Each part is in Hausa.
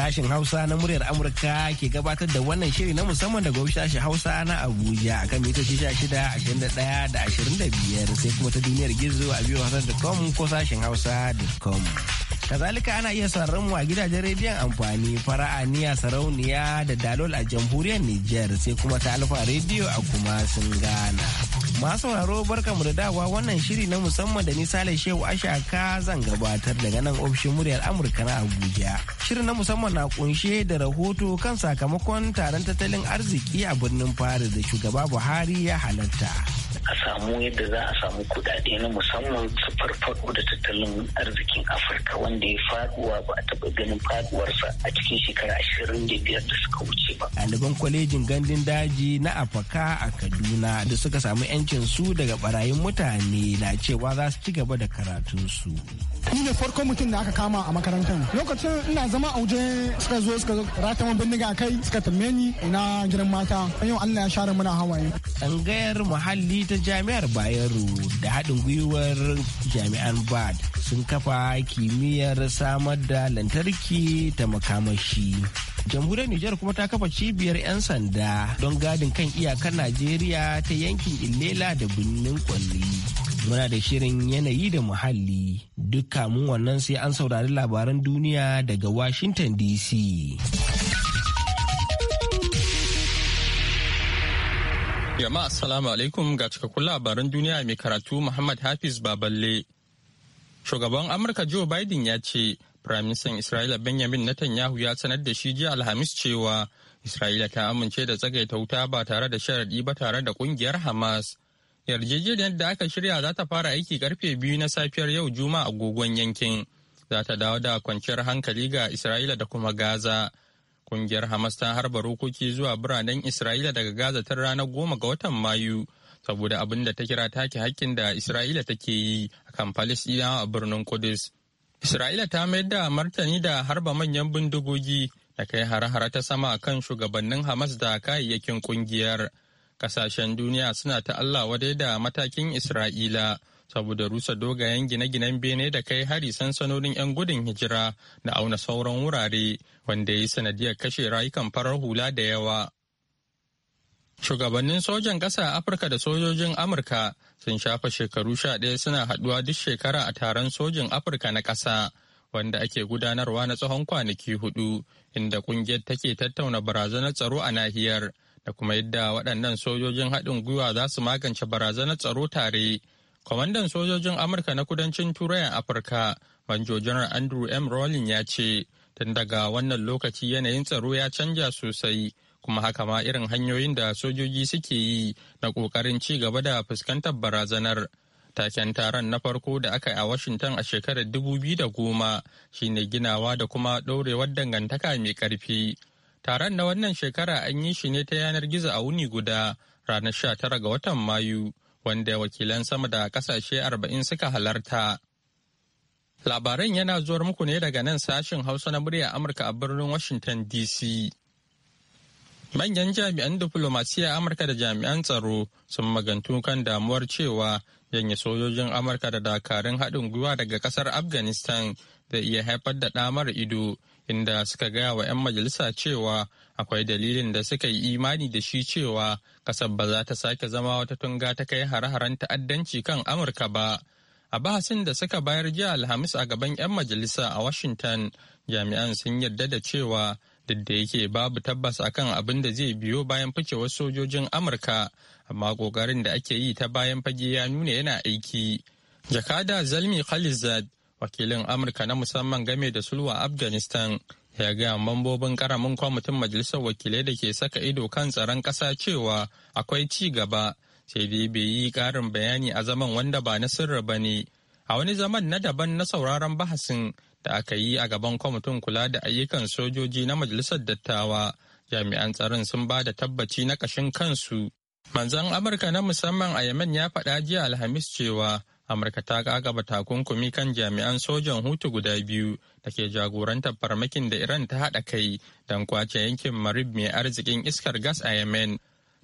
Sashen Hausa na muryar Amurka ke gabatar da wannan shiri na musamman daga sashen Hausa na Abuja akan mitoci 16, ashirin da 25 sai kuma ta duniyar gizo a biyu ko sashen hausa.com. kazalika ana iya sauraron mu a gidajen rediyon amfani fara'aniya sarauniya da dalol a jamhuriyar Nijar sai kuma ta alfa rediyo a kuma sun gana Masu sauraro mu da dawa wannan shiri na musamman da Sale Shehu ka zan gabatar daga nan ofishin muryar Amurka na Abuja. Shirin na musamman na kunshe da rahoto kan sakamakon taron tattalin arziki a birnin Paris da shugaba Buhari ya halarta a samu yadda za a samu kudade na musamman su farfado da tattalin arzikin afirka wanda ya faduwa ba a taba ganin faduwarsa a cikin shekara ashirin da biyar da suka wuce ba ɗaliban kwalejin gandun daji na afaka a kaduna da suka samu yancin su daga barayin mutane na cewa za su ci gaba da su. ni ne farko mutum da aka kama a makarantar lokacin ina zama a waje suka zo suka rata man bindiga kai suka tambaye ni ina gidan mata yau allah ya share mana hawaye tsangayar muhalli ta Jami'ar Bayero da haɗin gwiwar jami'an BAD sun kafa kimiyyar samar da lantarki ta makamashi. jamhuriyar Nijar kuma ta kafa cibiyar 'yan sanda don gadin kan iyakar Najeriya ta yankin Illela da birnin Kwalli. Muna da shirin yanayi da muhalli. Duk kamun wannan sai an saurari labaran duniya daga Washington DC. Jama'a assalamu alaikum ga cikakkun labaran duniya mai karatu Muhammad Hafiz Baballe. Shugaban Amurka Joe Biden ya ce, Firaministan Isra'ila Benjamin Netanyahu ya sanar da shi jiya Alhamis cewa Isra'ila ta amince da tsagaita wuta ba tare da sharaɗi ba tare da ƙungiyar Hamas. Yarjejeniyar da aka shirya za ta fara aiki karfe biyu na safiyar yau Juma'a agogon yankin. Za ta dawo da kwanciyar hankali ga Isra'ila da kuma Gaza. Kungiyar Hamas ta harba rokoki zuwa biranen Isra'ila daga Gaza tun ranar goma ga watan Mayu saboda abin da ta kira take hakkin da Isra'ila take yi a kan Falisɗinawa a birnin Kudus. Isra'ila ta mayar da martani da harba manyan bindigogi da kai hare-hare ta sama kan shugabannin Hamas da kayayyakin kungiyar. Kasashen duniya suna ta Allah wadai da matakin Isra'ila saboda rusa dogayen gine-ginen bene da kai hari sansanonin 'yan gudun hijira da auna sauran wurare wanda ya yi sanadiyar kashe rayukan farar hula da yawa. Shugabannin sojan ƙasa Afirka da sojojin Amurka sun shafa shekaru sha ɗaya suna haɗuwa duk shekara a taron sojin Afirka na ƙasa wanda ake gudanarwa na tsawon kwanaki hudu inda ƙungiyar take tattauna barazanar tsaro a nahiyar da kuma yadda waɗannan sojojin haɗin gwiwa za su magance barazanar tsaro tare. kwamandan sojojin amurka na kudancin turai a afirka banjo janar andrew m rowling ya ce tun daga wannan lokaci yanayin tsaro ya canja sosai kuma haka ma irin hanyoyin da sojoji suke yi na kokarin ci gaba da fuskantar barazanar taken taron na farko da aka yi a washington a shekarar 2010 shine ginawa da kuma ɗorewar dangantaka mai ƙarfi taron na wannan shekara an yi shi ne ta yanar gizo a wuni guda ranar 19 ga watan mayu wanda wakilan sama da kasashe arba'in suka halarta. Labaran yana zuwar muku ne daga nan sashen Hausa na murya Amurka a birnin Washington DC. Manyan jami'an diflomasiyya Amurka da jami'an tsaro sun magantu kan damuwar cewa janye sojojin Amurka da dakarun haɗin gwiwa daga ƙasar Afghanistan zai iya haifar da ɗamar ido inda suka gaya wa 'yan majalisa cewa akwai dalilin da suka yi imani da shi cewa kasar ba za ta sake zama wata tunga ta kai hare-haren ta'addanci kan amurka ba a bahasin da suka bayar jiya alhamis a gaban 'yan majalisa a washington jami'an sun yarda da cewa duk da yake babu tabbas akan abin da zai biyo bayan ficewar sojojin amurka amma kokarin da ake yi ta bayan fage ya nuna yana aiki jakada zalmi khalizad wakilin amurka na musamman game da sulwa afghanistan ya gaya mambobin karamin kwamitin majalisar wakilai da ke saka ido kan tsaron ƙasa cewa akwai ci gaba sai dai bai yi karin bayani a zaman wanda ba na sirri ba ne a wani zaman na daban na sauraron bahasin da aka yi a gaban kwamitin kula da ayyukan sojoji na majalisar dattawa jami'an tsaron sun ba da tabbaci na kashin kansu manzon amurka na musamman a yemen ya faɗa jiya alhamis cewa amurka ta ba takunkumi kan jami'an sojan hutu guda biyu da ke jagorantar farmakin da iran ta haɗa kai don kwace yankin marib mai arzikin iskar gas a yemen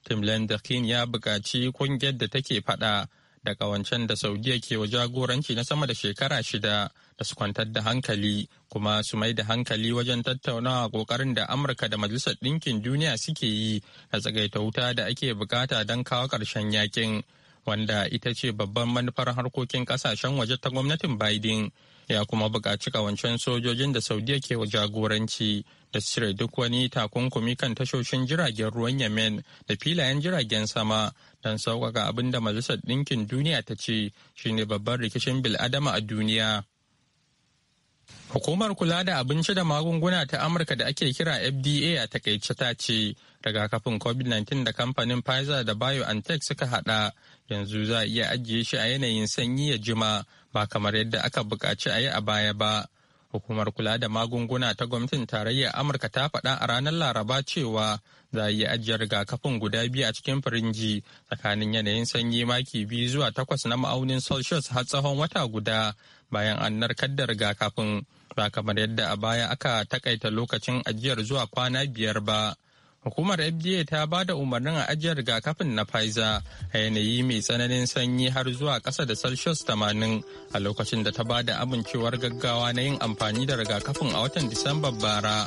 tim Lendekin ya buƙaci kungiyar da take faɗa da ƙawancen da saudiya ke wa jagoranci na sama da shekara shida da su kwantar da hankali kuma su mai da hankali wajen tattaunawa ƙoƙarin da amurka da majalisar ɗinkin duniya suke yi na tsagaita wuta da ake bukata don kawo ƙarshen yakin wanda ita ce babban manufar harkokin kasashen waje ta gwamnatin Biden ya kuma buƙaci kawancen sojojin da Saudiya ke jagoranci da cire duk wani takunkumi kan tashoshin jiragen ruwan Yemen da filayen jiragen sama don sauƙaƙa abin da Majalisar Ɗinkin Duniya ta ce shine babban rikicin bil'adama a duniya. Hukumar kula da abinci da magunguna ta Amurka da ake kira FDA a takaice ta ce rigakafin COVID-19 da kamfanin Pfizer da BioNTech suka hada yanzu za a iya ajiye shi a yanayin sanyi ya jima ba kamar yadda aka bukaci a yi a baya ba. Hukumar kula da magunguna ta gwamnatin tarayyar Amurka ta faɗa a ranar Laraba cewa za a iya ajiye rigakafin guda biyu a cikin firinji tsakanin yanayin sanyi maki biyu zuwa takwas na ma'aunin Celsius har tsawon wata guda bayan an narkar da rigakafin. ba kamar yadda a baya aka takaita lokacin ajiyar zuwa kwana biyar ba hukumar fda ta ba da umarnin a ajiyar rigakafin na pfizer a yanayi mai tsananin sanyi har zuwa ƙasa da celsius 80 a lokacin da ta ba da amincewar gaggawa na yin amfani da rigakafin a watan disamba bara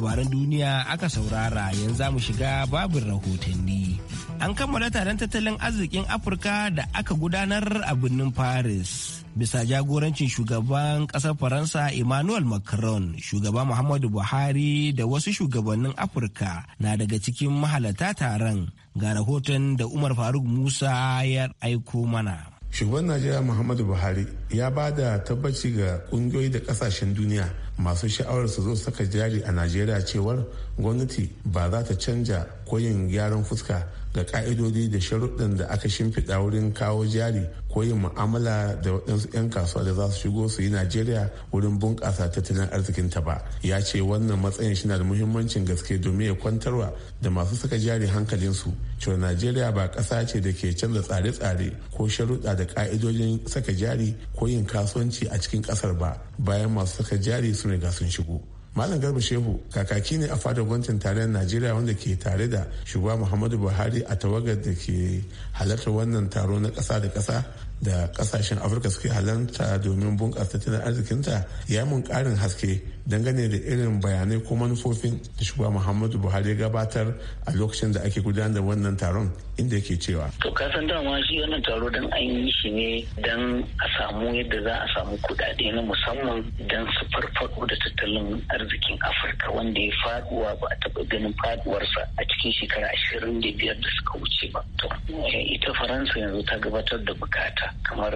labaran duniya aka saurara yanzu mu shiga babin rahotanni. An kammala taron tattalin arzikin Afirka da aka gudanar a birnin Paris. Bisa jagorancin shugaban ƙasar Faransa Emmanuel Macron, shugaba Muhammadu Buhari da wasu shugabannin Afirka na daga cikin mahalata taron ga rahoton da Umar Faruk Musa ya aiko mana. Shugaban Najeriya Muhammadu Buhari ya ba da tabbaci ga ƙungiyoyi da ƙasashen duniya masu sha'awar su zo saka jari a najeriya cewar gwamnati ba za ta canja ko gyaran fuska ga ka'idodi da sharuɗin da aka shimfiɗa wurin kawo jari ko yin mu'amala da waɗansu 'yan kasuwa da za su shigo su yi najeriya wurin bunƙasa tattalin ta ba ya ce wannan matsayin shi na da muhimmancin gaske domin ya kwantarwa da masu saka jari hankalinsu cewa najeriya ba ƙasa ce da ke canza tsare-tsare ko sharuɗa da ƙa'idojin saka jari ko yin kasuwanci a cikin ƙasar ba bayan masu saka jari sun riga sun shigo malam garba shehu kakaki ne a fadar gwamnatin tarayyar najeriya wanda ke tare da shugaba muhammadu buhari a tawagar da ke halartar wannan taro na kasa da kasa da kasashen afirka suke halarta domin bunƙasa tattalin arzikinta ya mun karin haske dangane da irin bayanai ko manufofin da shugaba muhammadu buhari gabatar a lokacin da ake gudanar da wannan taron inda yake cewa to ka san dama shi wannan taro dan an yi shi ne dan a samu yadda za a samu kudade na musamman dan su farfaɗo da tattalin arzikin afirka wanda ya faɗuwa ba a taba ganin faɗuwarsa a cikin shekara ashirin da biyar da suka wuce ba to eh, ita faransa yanzu ta gabatar da bukata kamar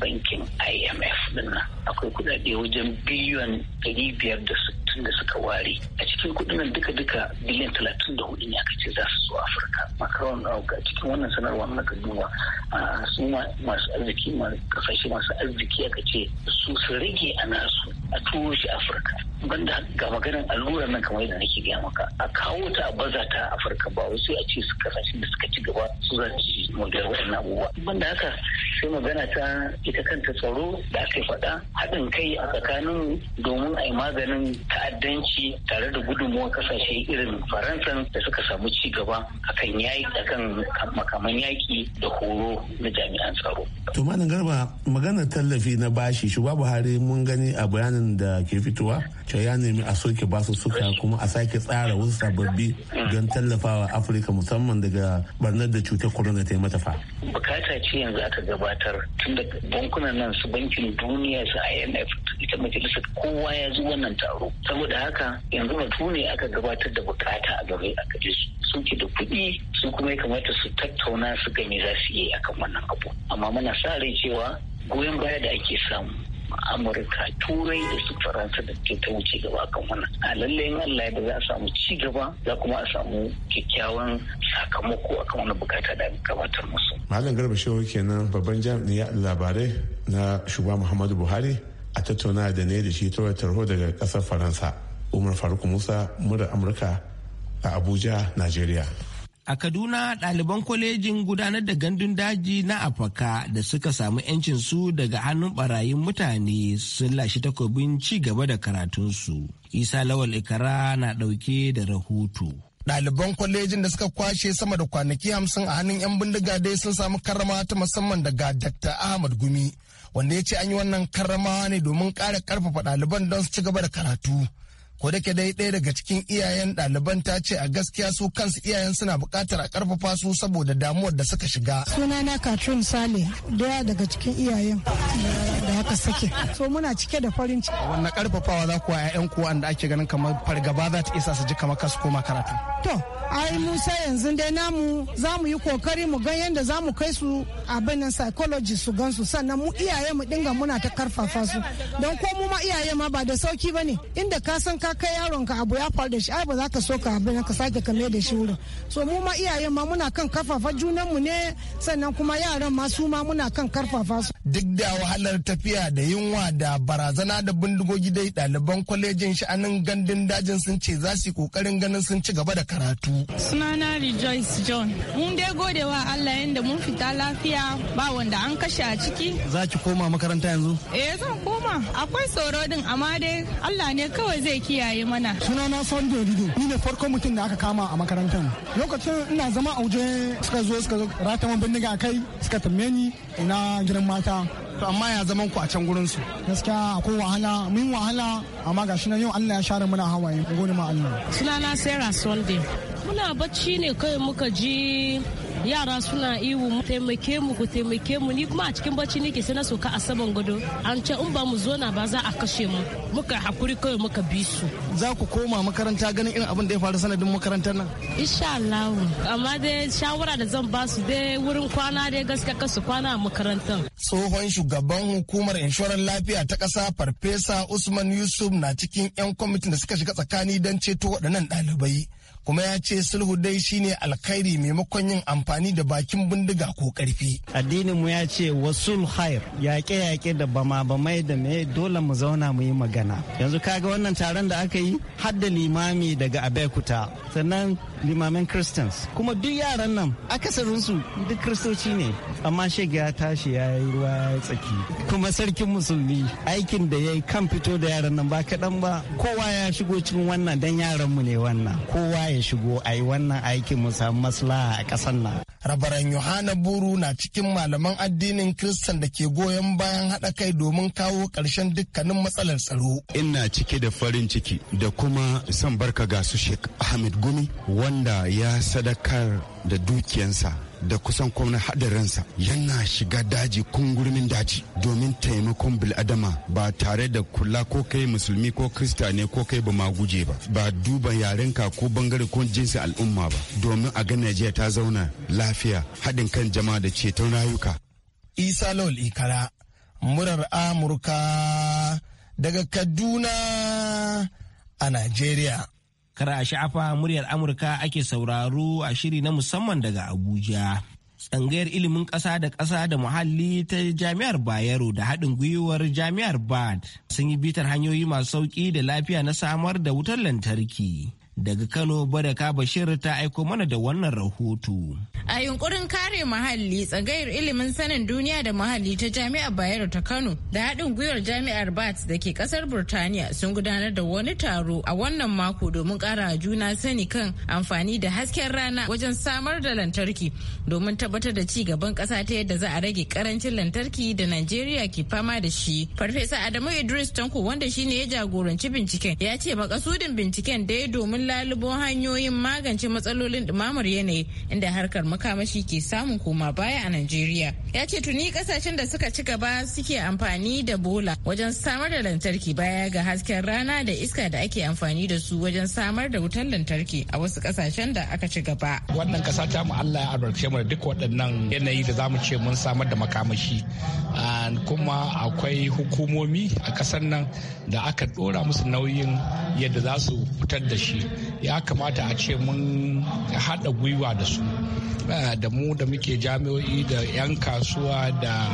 bankin imf dinnan akwai kudade wajen biliyon 560 da suka ware a cikin kudin duka-duka biliyan 34 ne aka ce za su zo afirka makaron a cikin wannan sanarwa na kaduwa su masu arziki masu kasashe masu arziki aka ce su su rage a nasu a turo shi afirka banda ga maganin allurar nan kamar yadda nake gaya maka a kawo ta a baza ta afirka ba wasu a ce su kasashe da suka ci gaba su za da wayan abubuwa ban da haka sai magana ta ita kanta tsaro da aka faɗa haɗin kai a tsakanin domin a yi maganin ta'addanci tare da gudunmuwa kasashe irin faransa da suka samu ci gaba akan yaƙi makaman yaƙi da horo na jami'an tsaro. to malam garba maganar tallafi na bashi shugaba buhari mun gani a bayanin da ke fitowa cewa ya nemi a soke basu suka kuma a sake tsara wasu sababbi don tallafawa afirka musamman daga barnar da cutar corona ta yi mata fa bukata ce yanzu aka gabatar tun da bankunan nan su bankin duniya su imf ita majalisar kowa ya zo wannan taro saboda haka yanzu batu ne aka gabatar da bukata a gare a gare su sun ke da kuɗi su kuma ya kamata su tattauna su gani za su yi akan wannan abu amma muna sa rai cewa goyon baya da ake samu amurka turai da su faransa da ke ta wuce gaba kan wannan a lallai allah da za a samu ci gaba za kuma a samu kyakkyawan sakamako akan wani bukata da gabatar musu malam garba shehu kenan babban jami'in labarai na shugaba muhammadu buhari a tattauna da ne da shi ta tarho daga kasar faransa umar faruk musa murar amurka a abuja Najeriya. A Kaduna ɗaliban kwalejin gudanar da gandun daji na Afaka da suka samu 'yancin su daga hannun barayin mutane sun lashe takobin ci gaba da karatunsu. Isa Lawal Ikara na ɗauke da rahoto. Ɗaliban kwalejin da suka kwashe sama da kwanaki hamsin a hannun 'yan bindiga dai sun samu karama ta musamman daga Dr. Ahmad Gumi, wanda ya ce an yi wannan karama ne domin ƙara ƙarfafa ɗaliban don su ci gaba da karatu. ko da dai ɗaya daga cikin iyayen ɗaliban ta ce a gaskiya su kansu iyayen suna buƙatar a ƙarfafa su saboda damuwar da suka shiga. sunana katrin sale daya daga cikin iyayen da aka sake so muna cike da farin ciki. wannan ƙarfafawa za ku wa 'ya'yan ku wanda ake ganin kamar fargaba za ta isa su ji kamar kasu koma karatu. to ai musa yanzu dai namu za mu yi kokari mu gan yadda za mu kai su abin nan psychology su gan su sannan mu iyaye mu dinga muna ta karfafa su don ko mu ma iyaye ma ba da sauki ba ne inda ka san ka kai yaron ka abu ya faru da shi ai ba za ka so ka abin ka sake kame da shi wurin so mu ma iyayen ma muna kan karfafa junan mu ne sannan kuma yaran ma su ma muna kan karfafa su duk da wahalar tafiya da yunwa da barazana da bindigogi dai ɗaliban kwalejin sha'anin gandun dajin sun ce za su kokarin ganin sun ci gaba da karatu sunana rejoice john mun dai gode wa allah yadda mun fita lafiya ba wanda an kashe a ciki za ki koma makaranta yanzu eh zan koma akwai tsoro din amma dai allah ne kawai zai kiyaye kiyaye mana. Suna na Sunday Rido, ni ne farkon mutum da aka kama a makarantar. Lokacin ina zama a waje suka zo suka rata man bindiga a kai suka tambaye ni ina gidan mata. To amma ya zaman ku a can gurin su. Gaskiya akwai wahala, mun wahala amma gashi nan yau Allah ya share mana hawaye. Gode ma Allah. Suna na Sarah Sunday. Muna bacci ne kai muka ji yara suna iwu taimake mu ku taimake mu ni kuma a cikin bacci nake sai na soka a saman gado an ce in ba mu zo na ba za a kashe mu muka hakuri kawai muka bi su za ku koma makaranta ganin irin abin da ya faru sanadin makarantar nan insha Allah amma dai shawara da zan ba su dai wurin kwana dai gaskiya kasu kwana a makarantar tsohon shugaban hukumar inshorar lafiya ta ƙasa farfesa usman yusuf na cikin 'yan kwamitin da suka shiga tsakani don ceto waɗannan ɗalibai kuma ya ce sulhu dai shine alkhairi maimakon yin amfani da bakin bindiga ko karfi addinin mu ya ce wasul hair yaƙe yaƙe da bama bamai da me dole mu zauna mu yi magana yanzu kaga wannan taron da aka yi har limami daga abekuta sannan limamin christians kuma duk yaran nan akasarinsu duk kristoci ne amma shiga ya tashi ya yi ruwa ya tsaki kuma sarkin musulmi aikin da ya yi kan fito da yaran nan ba kaɗan ba kowa ya shigo cikin wannan dan yaran mu ne wannan kowa ya shigo a yi wannan aikin mu samu maslaha a ƙasar nan rabaran yohana buru na cikin malaman addinin kristan da ke goyon bayan haɗa kai domin kawo ƙarshen dukkanin matsalar tsaro ina cike da farin ciki da kuma san barka ga su shek ahmed gumi wanda ya sadakar da dukiyansa da kusan kwamna hadarinsa yana shiga daji kungurmin daji domin taimakon biladama ba tare da kula ko kai musulmi ko krista ne ko kai ba guje ba ba duba yarenka ko bangare ko jinsi al'umma ba domin a ga najeriya ta zauna lafiya haɗin kan jama'a da ceton rayuka isa lol ikara murar amurka daga kaduna a najeriya Kar a sha'afa muryar Amurka ake sauraro a shiri na musamman daga Abuja. Tsangayar ilimin ƙasa da ƙasa da muhalli ta Jami'ar Bayero da haɗin gwiwar Jami'ar Bad sun yi bitar hanyoyi masu sauƙi da lafiya na samar da wutar lantarki. daga Kano Baraka Bashir ta aiko mana da wannan rahoto. A yunkurin kare muhalli tsagayar ilimin sanin duniya da muhalli ta Jami'ar Bayero ta Kano da haɗin gwiwar Jami'ar Bats da ke ƙasar Burtaniya sun gudanar da wani taro a wannan mako domin ƙara juna sani kan amfani da hasken rana wajen samar da lantarki domin tabbatar da ci gaban ƙasa ta yadda za a rage ƙarancin lantarki da Najeriya ke fama da shi. Farfesa Adamu Idris Tanko wanda shine ya jagoranci binciken ya ce makasudin binciken dai domin lalubo hanyoyin magance matsalolin ɗumamar yanayi inda harkar makamashi ke samun koma baya a Najeriya. Ya ce tuni kasashen da suka ci gaba suke amfani da bola wajen samar da lantarki baya ga hasken rana da iska da ake amfani da su wajen samar da wutar lantarki a wasu kasashen da aka ci gaba. Wannan kasa ta mu Allah ya albarkace mu da duk waɗannan yanayi da zamu ce mun samar da makamashi. Kuma akwai hukumomi a ƙasar nan da aka ɗora musu nauyin yadda za su fitar da shi ya kamata a ce mun haɗa gwiwa da su eh, da mu da muke jami'o'i da 'yan kasuwa da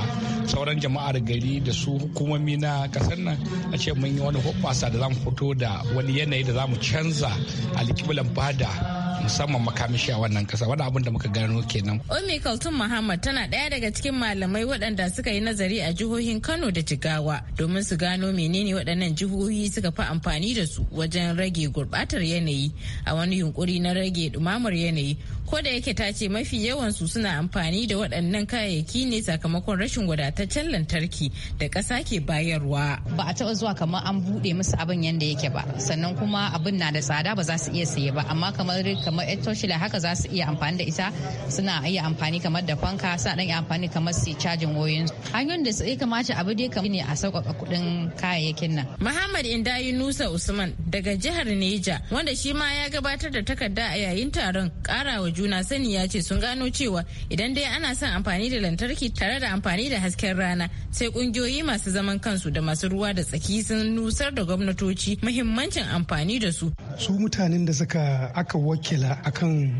sauran jama'ar gari da su hukumomi na kasar nan a ce mun yi wani hoɓɓasa da za fito da wani yanayi da za canza alƙiblan bada musamman makamashi a wannan kasa wani abin da muka gano kenan. Omi Kaltun Muhammad tana ɗaya daga cikin malamai waɗanda suka yi nazari a jihohin Kano da Jigawa domin su gano menene waɗannan jihohi suka fi amfani da su wajen rage gurɓatar yanayi a wani yunƙuri na rage dumamar yanayi ko da yake ta ce mafi yawan su suna amfani da waɗannan kayayyaki ne sakamakon rashin wadatar wadataccen lantarki da ƙasa ke bayarwa. Ba a taba zuwa kamar an buɗe musu abin yadda yake ba sannan kuma abin na da tsada ba za su iya saye ba amma kamar kamar toshila haka za su iya amfani da ita suna iya amfani kamar da fanka sa ɗan iya amfani kamar su cajin wayoyin hanyoyin da su kamata abu dai kamar ne a sauƙaƙa kuɗin kayayyakin nan. Muhammad Indayi Nusa Usman daga jihar Neja wanda shi ma ya gabatar da takarda a yayin taron ƙarawa juna sani ya ce sun gano cewa idan dai ana son amfani da lantarki tare da amfani da haske hasken rana sai kungiyoyi masu zaman kansu da masu ruwa da tsaki sun nusar da gwamnatoci muhimmancin amfani da su su mutanen da suka aka wakila akan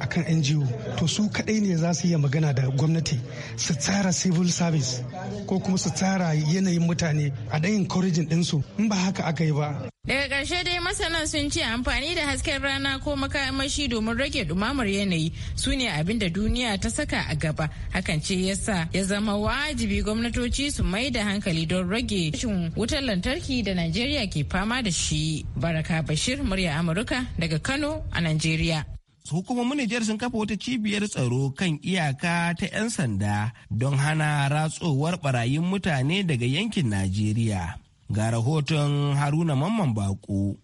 akan NGO to su kadai ne za su iya magana da gwamnati su tsara civil service ko kuma su tsara yanayin mutane a ɗan encouraging ɗinsu in ba haka aka yi ba. Daga ƙarshe dai masana sun ce amfani da hasken rana ko makamashi domin rage dumamar yanayi su ne abin da duniya ta saka a gaba hakan ce yasa ya zama wajibi gwamnatoci su mai da hankali don rage rashin wutar lantarki da Najeriya ke fama da shi. Baraka Bashir murya Amurka daga Kano a Najeriya. hukumomin Nijar sun kafa wata cibiyar tsaro kan iyaka ta 'yan sanda don hana ratsowar barayin mutane daga yankin Najeriya. Ga rahoton Haruna Mamman baƙo.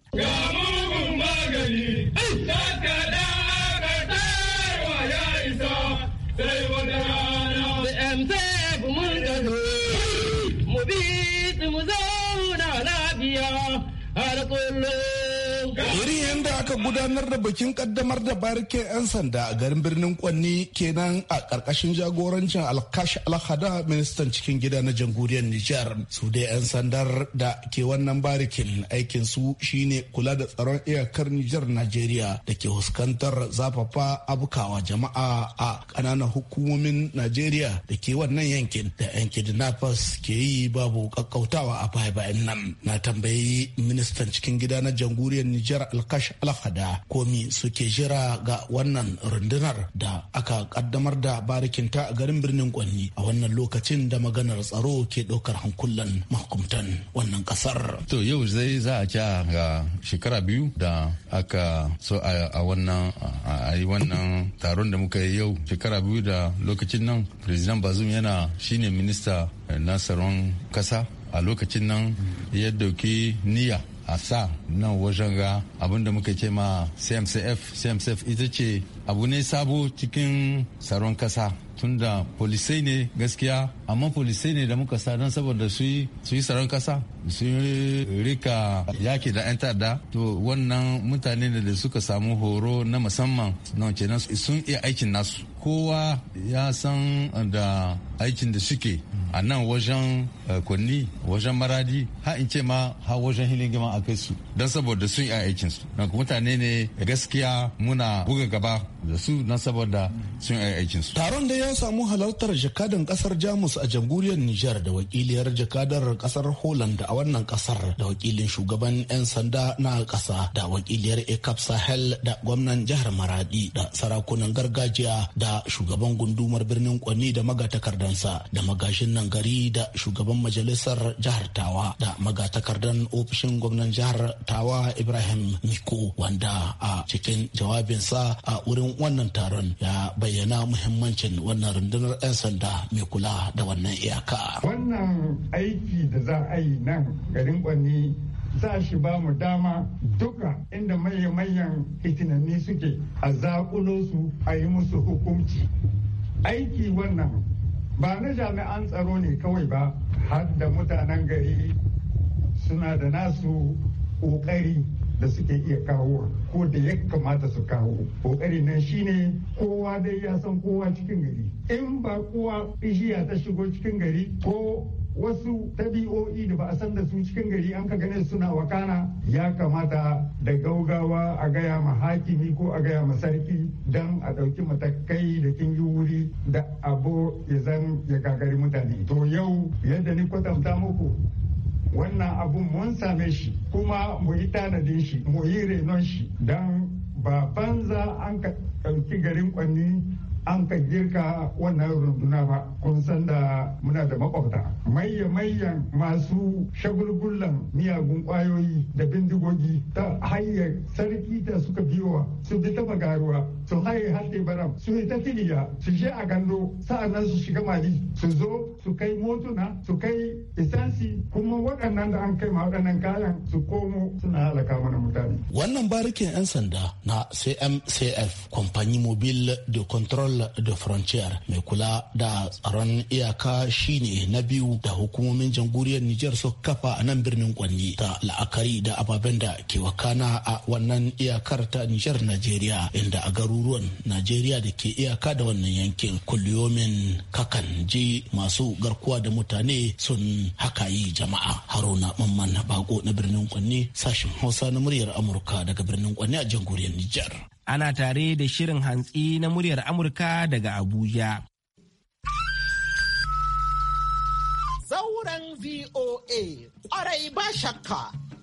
gudanar da bikin kaddamar da barikin 'yan sanda a garin birnin Kwanni kenan a karkashin jagorancin Alkash Alhada ministan cikin gida na jamhuriyar Nijar. Su dai 'yan sandar da ke wannan barikin aikin su shine kula da tsaron iyakar Nijar Najeriya da ke huskantar zafafa abukawa jama'a a kananan hukumomin Najeriya da ke wannan yankin da 'yan kidnappers ke yi babu kakkautawa a baya-bayan nan. Na tambayi ministan cikin gida na jamhuriyar Nijar Alkash Alhada da komi suke jira ga wannan rundunar da aka kaddamar da barikinta a garin birnin kwanni a wannan lokacin da maganar tsaro ke ɗaukar hankulan mahukuntan wannan kasar. to yau zai za a ga shekara biyu da aka so a wannan yi wannan taron da muka yi yau shekara biyu da lokacin nan president bazum yana shine minista na tsaron kasa a lokacin nan ya dauki niyya a sa nan wajen ga abinda muka ce ma cmcf cmcf ita ce abu ne sabo cikin tsaron kasa tunda polisai ne gaskiya amma polisai ne da muka sa don saboda su yi tsaron kasa su rika yaki da 'yan ta'adda to wannan mutane da suka samu horo na musamman na kenan sun iya aikin nasu kowa ya san da aikin da suke a nan wajen eh, kunni wajen maradi ha in ce ma ha wajen hilin gima a kai su don saboda sun iya aikinsu mutane ne gaskiya muna buga gaba da su na saboda sun yi aikin su. Taron da ya samu halartar jakadan kasar Jamus a jamhuriyar Nijar da wakiliyar jakadar kasar Holland a wannan kasar da wakilin shugaban 'yan sanda na kasa da wakiliyar ekap Sahel da gwamnan jihar Maradi da sarakunan gargajiya da shugaban gundumar birnin Kwani da magatakardansa da magashin nan gari da shugaban majalisar jihar Tawa da magatakardan ofishin gwamnan jihar Tawa Ibrahim Miko wanda a cikin jawabinsa a wurin cikin wannan taron ya bayyana muhimmancin wannan rundunar 'yan sanda mai kula da wannan iyaka. Wannan aiki da za a yi nan garin kwanni za shi ba mu dama duka inda maye manyan hitinanni suke a zakulo su a yi musu hukunci. Aiki wannan ba na jami'an tsaro ne kawai ba har da mutanen gari suna da nasu ƙoƙari. da suke iya kawo ko da ya kamata su kawo kokari nan shine kowa dai ya san kowa cikin gari in ba kowa bishiya ta shigo cikin gari ko wasu tabi'o'i da ba a san da su cikin gari an ka gane suna wakana ya kamata da gaugawa a gaya ma hakimi ko a gaya ma sarki don a ɗauki matakai da kin yi wuri da abu ya zan ya gagari mutane to yau yadda ni kwatanta muku wannan abun mun same shi kuma mu yi tanadin shi mu yi renon shi don ba banza an ka ɗauki garin kwanni an ka girka wannan runduna ba kun san da muna da makwabta mayya-mayyan masu shagulgullan miyagun kwayoyi da bindigogi ta hanyar sarki ta suka biyowa su bi ta magaruwa su haye haɗe baram su yi ta tiliya su je a gando sa'annan su shiga mali su zo su kai motuna su kai isansi kuma waɗannan da an kai ma waɗannan kayan su komo suna halaka mana mutane. wannan barikin 'yan sanda na cmcf kwamfani mobile de control de frontier mai kula da tsaron iyaka shine na biyu da hukumomin jamhuriyar Nijar su kafa a nan birnin Kwanni ta la'akari da ababen da ke wakana a wannan iyakar ta Nijar Najeriya inda a garuruwan Najeriya da ke iyaka da wannan yankin kulliyomin kakan je masu garkuwa da mutane sun haka yi jama'a Haruna Mamman na Bago na birnin Kwanni sashen Hausa na muryar Amurka daga birnin Kwanni a jamhuriyar Nijar. Ana tare da shirin hantsi na muryar Amurka daga Abuja. VOA. Ƙwarai ba shakka.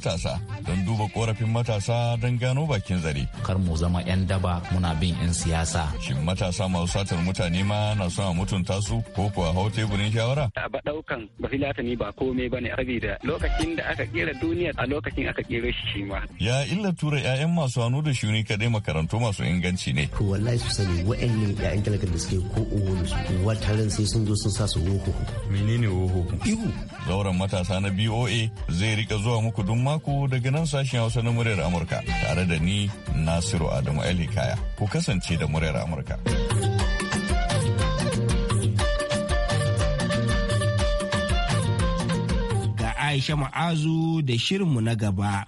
这是。duba korafin matasa don gano bakin zare. Kar mu zama 'yan daba muna bin 'yan siyasa. Shin matasa masu satar mutane ma na son a mutunta su ko kuwa hau teburin shawara? A ba ɗaukan ba ba komai ba ne da lokacin da aka kera duniya a lokacin aka kera shi shi ma. Ya illa tura 'ya'yan masu hannu da shuni kaɗai makarantu masu inganci ne. ko wallahi su sani wa'annan 'ya'yan talakan da suke ko uwan su sai sun zo sun sa su woho. Menene woho? Ihu. Zauren matasa na BOA zai rika zuwa muku duk mako daga nan sashi sashen Hausa na muryar Amurka tare da ni Nasiru Adamu Ali Kaya. Ku kasance da muryar Amurka. Ga Aisha Ma'azu da shirinmu na gaba.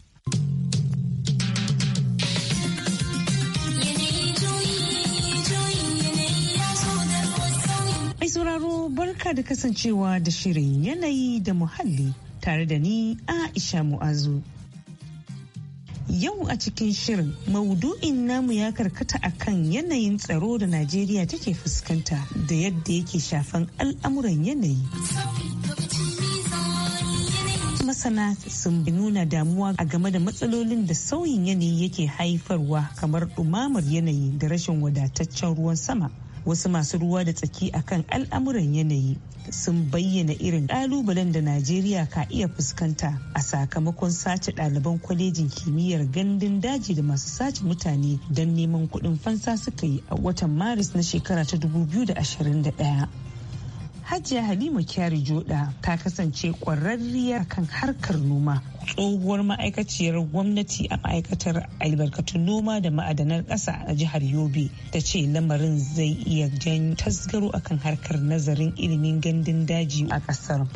sauraro barka da kasancewa da shirin yanayi da muhalli tare da ni Aisha Mu'azu. Yau a cikin shirin maudu'in namu ya karkata akan yanayin tsaro da Najeriya take fuskanta da yadda yake shafan al'amuran yanayi. Masana sun nuna damuwa a game da matsalolin da sauyin yanayi yake haifarwa kamar ɗumamar yanayi da rashin wadataccen ruwan sama. wasu masu ruwa da tsaki akan al'amuran yanayi sun bayyana irin ƙalubalen da najeriya ka iya fuskanta a sakamakon sace ɗaliban kwalejin kimiyyar gandun daji da masu sace mutane don neman kuɗin fansa suka yi a watan maris na shekara ta 2021 Hajiya Halima Kyari Joda ta kasance kwararriya kan harkar noma. Tsohuwar ma'aikaciyar gwamnati a ma'aikatar albarkatun noma da ma'adanar ƙasa a jihar Yobe ta ce lamarin zai iya janyo tasgaro akan harkar nazarin ilimin gandun daji a ƙasar.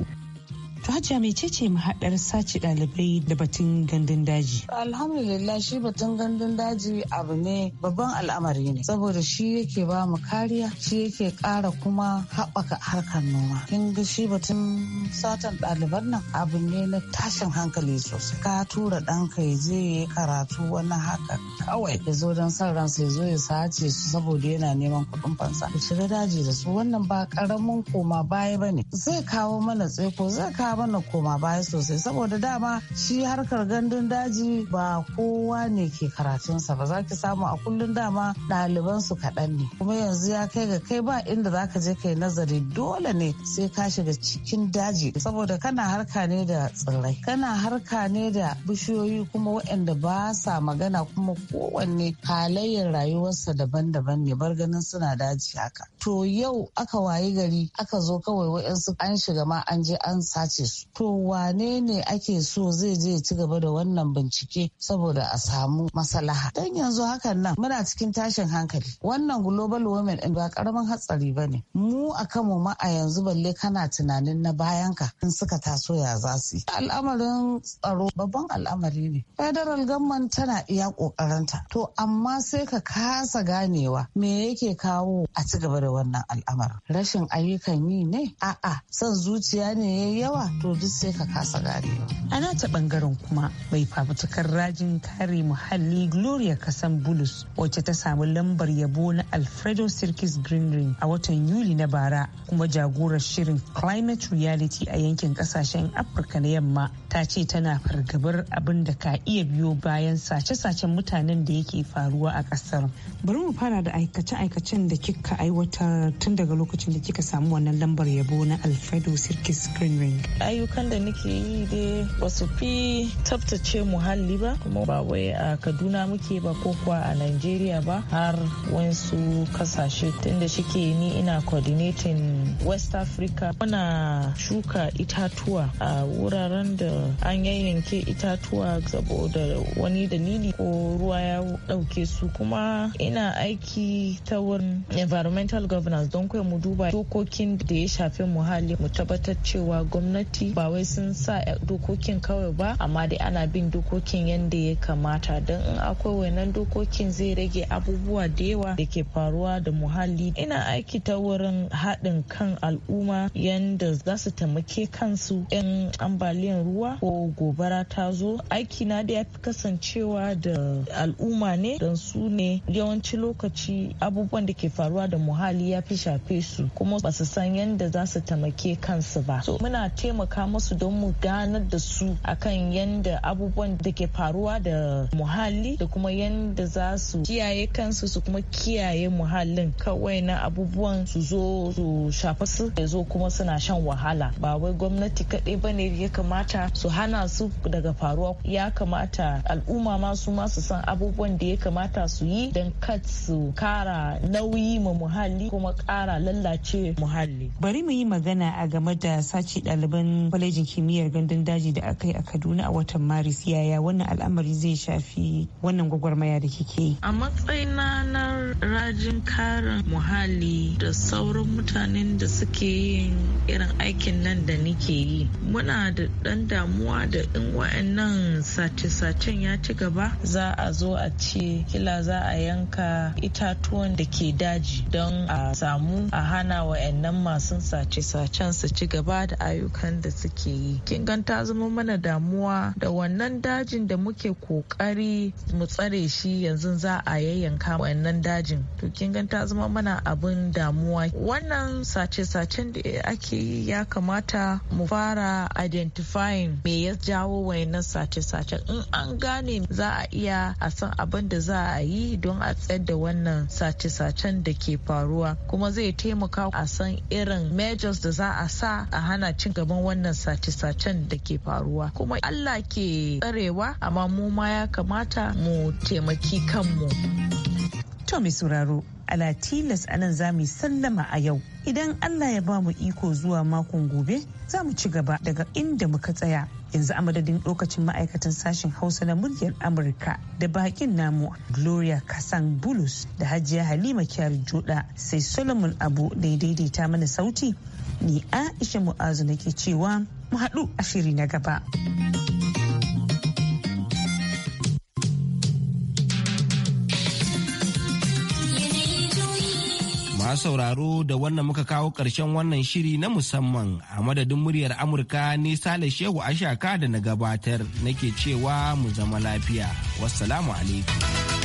To Hajiya mecece mahaɗar sace ɗalibai da batun gandun daji? Alhamdulillah shi batun gandun daji abu ne babban al'amari ne saboda shi yake ba mu kariya shi yake ƙara kuma haɓaka harkar noma. Kin ga shi batun satan ɗaliban nan abu ne na tashin hankali sosai. Ka tura ɗanka ya je ya karatu wani haka kawai ya zo don son ransa ya zo ya sace su saboda yana neman kuɗin fansa. Ya shiga daji da su wannan ba ƙaramin koma baya ba ne. Zai kawo mana tseko zai kawo mana koma baya sosai saboda dama shi harkar gandun daji ba kowa ne ke karatunsa ba za ki samu a kullum dama ɗaliban su kaɗan ne kuma yanzu ya kai ga kai ba inda za ka je kai nazari dole ne sai ka shiga cikin daji saboda kana harka ne da tsirrai kana harka ne da bishiyoyi kuma waɗanda ba sa magana kuma kowanne halayyar rayuwarsa daban-daban ne bar ganin suna daji haka to yau aka wayi gari aka zo kawai wayansu an shiga ma an je an sace scientist to wane ne ake so zai je ci gaba da wannan bincike saboda a samu maslaha don yanzu hakan nan muna cikin tashin hankali wannan global women din ba karamin hatsari ba ne mu a kanmu ma a yanzu balle kana tunanin na bayanka in suka taso ya za su yi al'amarin tsaro babban al'amari ne federal gamman tana iya kokarinta to amma sai ka kasa ganewa me yake kawo a ci gaba da wannan al'amarin rashin ayyukan yi ne a'a son zuciya ne yayi yawa to duk sai ka kasa ganewa. ana ta bangaren kuma mai fafutukar rajin kare muhalli Gloria Kasan Bulus wacce ta samu lambar yabo na Alfredo Sirkis Ring a watan Yuli na bara kuma jagorar shirin Climate Reality a yankin kasashen Afirka na yamma ta ce tana fargabar abin da ka iya biyo bayan sace-sacen mutanen da yake faruwa a kasar. Bari mu fara da aikace-aikacen da kika aiwatar tun daga lokacin da kika samu wannan lambar yabo na Alfredo Sirkis ring ayyukan da nake yi dai ba su fi tabtace muhalli ba kuma ba wai a kaduna muke ba ko kuwa a nigeria ba har wasu kasashe tunda shike ni ina coordinating west africa muna shuka itatuwa a wuraren da an yayyanke itatuwa saboda wani dalili ko ruwa ya dauke su kuma ina aiki ta wurin environmental governance don kai mu duba dokokin da ya shafi muhalli mu tabbatar cewa gwamnati gwamnati ba wai sun sa eh, dokokin kawai ba amma dai ana bin dokokin yadda ya kamata don in akwai wannan dokokin zai rage abubuwa da yawa da ke faruwa da muhalli ina aiki ta wurin haɗin kan al'umma yadda za su taimake kansu yan ambaliyan ruwa ko gobara ta zo aiki na da ya fi kasancewa da al'umma ne don su ne yawanci lokaci abubuwan da ke faruwa da muhalli ya fi shafe su kuma ba su san yadda za su taimake kansu ba so muna taimaka taimaka musu don mu ganar da su akan yanda abubuwan da ke faruwa da muhalli da kuma yanda za su kiyaye kansu su kuma kiyaye muhallin kawai na abubuwan su zo su shafa su da zo kuma suna shan wahala ba wai gwamnati kaɗai ba ne ya kamata su hana su daga faruwa ya kamata al'umma ma su ma su san abubuwan da ya kamata su yi don kat su kara nauyi ma muhalli kuma kara lallace muhalli bari mu yi magana a game da sace ɗaliban taron kwalejin kimiyyar gandun daji da aka yi a kaduna a watan maris yaya wannan al'amari zai shafi wannan gwagwarmaya da kike yi a matsayin na rajin karin muhalli da sauran mutanen da suke yin irin aikin nan da nike yi muna da dan damuwa da in wa'annan sace-sacen ya ci gaba za a zo a ce kila za a yanka itatuwan da ke daji don a samu a hana wa'annan masu sace-sacen su ci gaba da ayyukan da suke yi kin gan ta zama mana damuwa da wannan dajin da muke kokari mu tsare shi yanzu za a yayyanka wannan dajin to kin gan ta zama mana abin damuwa wannan sace-sacen da ake yi ya kamata mu fara identifying me ya jawo wayannan sace-sacen in an gane za a iya a san abin da za a yi don a tsayar da wannan sace-sacen da ke faruwa kuma zai taimaka a san irin measures da za a sa a hana cin gaban wannan sace-sacen da ke faruwa kuma allah ke tsarewa amma mu ma ya kamata mu taimaki kanmu to mai sauraro ala tilas nan za mu sallama a yau idan allah ya ba mu iko zuwa makon gobe za mu ci gaba daga inda muka tsaya yanzu a madadin lokacin ma'aikatan sashen hausa na muryar amurka da bakin namu gloria kasan bulus da hajiya halima kyar joda sai solomon abu da daidaita mana sauti ni aisha mu'azu nake cewa mu haɗu a shiri na gaba. Masu sauraro da wannan muka kawo ƙarshen wannan shiri na musamman a madadin muryar Amurka ne Sale Shehu Ashaka da na gabatar nake cewa mu zama lafiya. Wassalamu alaikum.